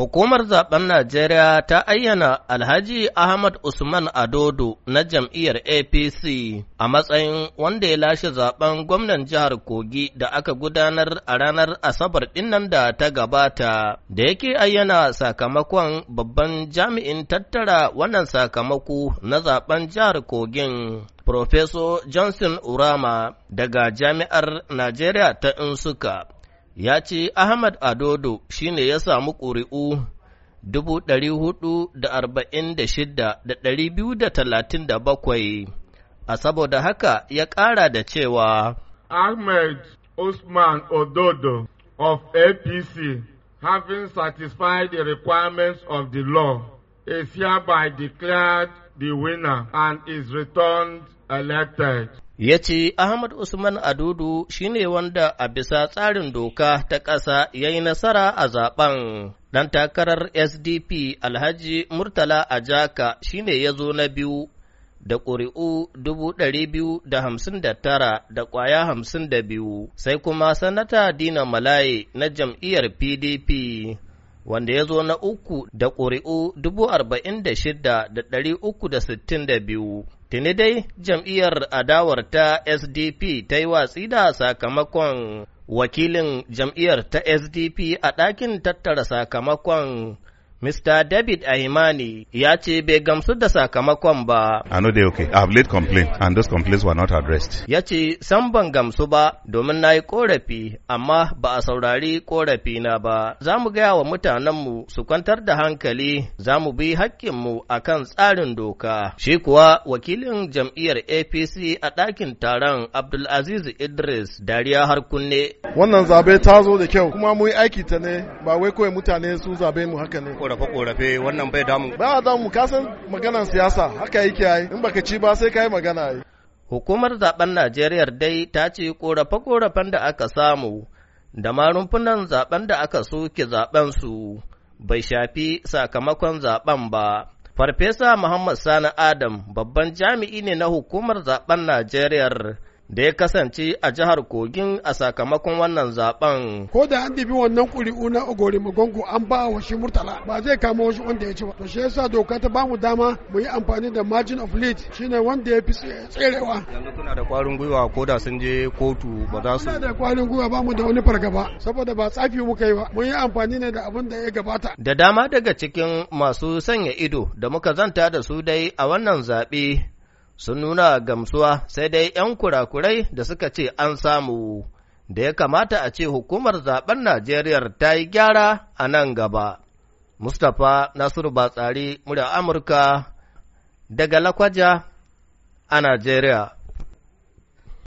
Hukumar zaben Najeriya ta ayyana Alhaji Ahmad Usman Adodo na jam'iyyar APC a matsayin wanda ya lashe zaben gwamnan jihar Kogi da aka gudanar a ranar Asabar dinnan da ta gabata, da yake ayyana sakamakon babban jami'in tattara wannan sakamako na zaben jihar Kogin. Profeso Johnson Urama daga Jami'ar Najeriya ta Insuka ya ce Ahmad Adodo shine ya samu ƙuri'u dubu ɗari hudu da arba'in da shida da ɗari biyu da talatin da bakwai, a saboda haka ya ƙara da cewa Ahmed Usman Ododo of APC, having satisfied the requirements of the law, is hereby declared the winner and is returned elected. ya ce Ahmad Usman Adudu shine wanda a bisa tsarin doka ta ƙasa ya yi nasara a zaben. Ɗan takarar SDP Alhaji Murtala Ajaka shine ya zo na biyu da ƙuri'u dubu da tara da ƙwaya hamsin da biyu, sai kuma Sanata Dina Malaye na jam'iyyar PDP. Wanda ya zo na uku da ƙuri'u dubu arba'in da shida da ɗari uku da sittin da biyu, Tuni dai jam'iyyar adawar ta SDP ta yi watsi da sakamakon wakilin jam'iyyar ta SDP a ɗakin tattara sakamakon Mr. David Ahimani ya ce bai gamsu da sakamakon ba. I know they okay. I have laid complaint and those complaints were not addressed. Ya ce san ban gamsu ba domin na yi korafi amma ba a saurari korafi na ba. Za mu gaya wa mutanenmu su kwantar da hankali za mu bi hakkinmu a kan tsarin doka. Shi kuwa wakilin jam'iyyar APC a ɗakin taron Abdulaziz Idris Dariya Harkunne. Wannan zabe ta zo da kyau kuma mu yi aiki ta ne ba wai kawai mutane sun zabe mu haka ne. korafe-korafe wannan bai damu. Ba kasan maganan siyasa haka yake in baka ci ba sai yi magana yi. Hukumar zaben Najeriya dai ta ce korafe-korafen da aka samu da ma rumfunan zaben da aka soke zaben su bai shafi sakamakon zaben ba. Farfesa Muhammad Sani Adam babban jami'i ne na hukumar zaben Najeriya da ya kasance a jihar Kogin a sakamakon wannan zaben. Ko da an dibi wannan ƙuri'u na Ogori Magongo an ba wa shi Murtala ba zai kama wasu wanda ya ci ba. To shi yasa doka ta bamu dama mu yi amfani da margin of lead shine wanda ya fi tserewa. Yanzu kuna da kwarin gwiwa ko da sun je kotu ba za su. da kwarin gwiwa ba mu da wani fargaba saboda ba tsafi muka yi ba mun yi amfani ne da abin da ya gabata. Da dama daga cikin masu sanya ido da muka zanta da su dai a wannan zaɓe sun nuna gamsuwa sai dai ‘yan kurakurai da suka ce an samu, da ya kamata a ce hukumar zaben Najeriya ta yi gyara a nan gaba. Mustapha Nasiru Batsari, murya Amurka, daga Lakwaja a Najeriya.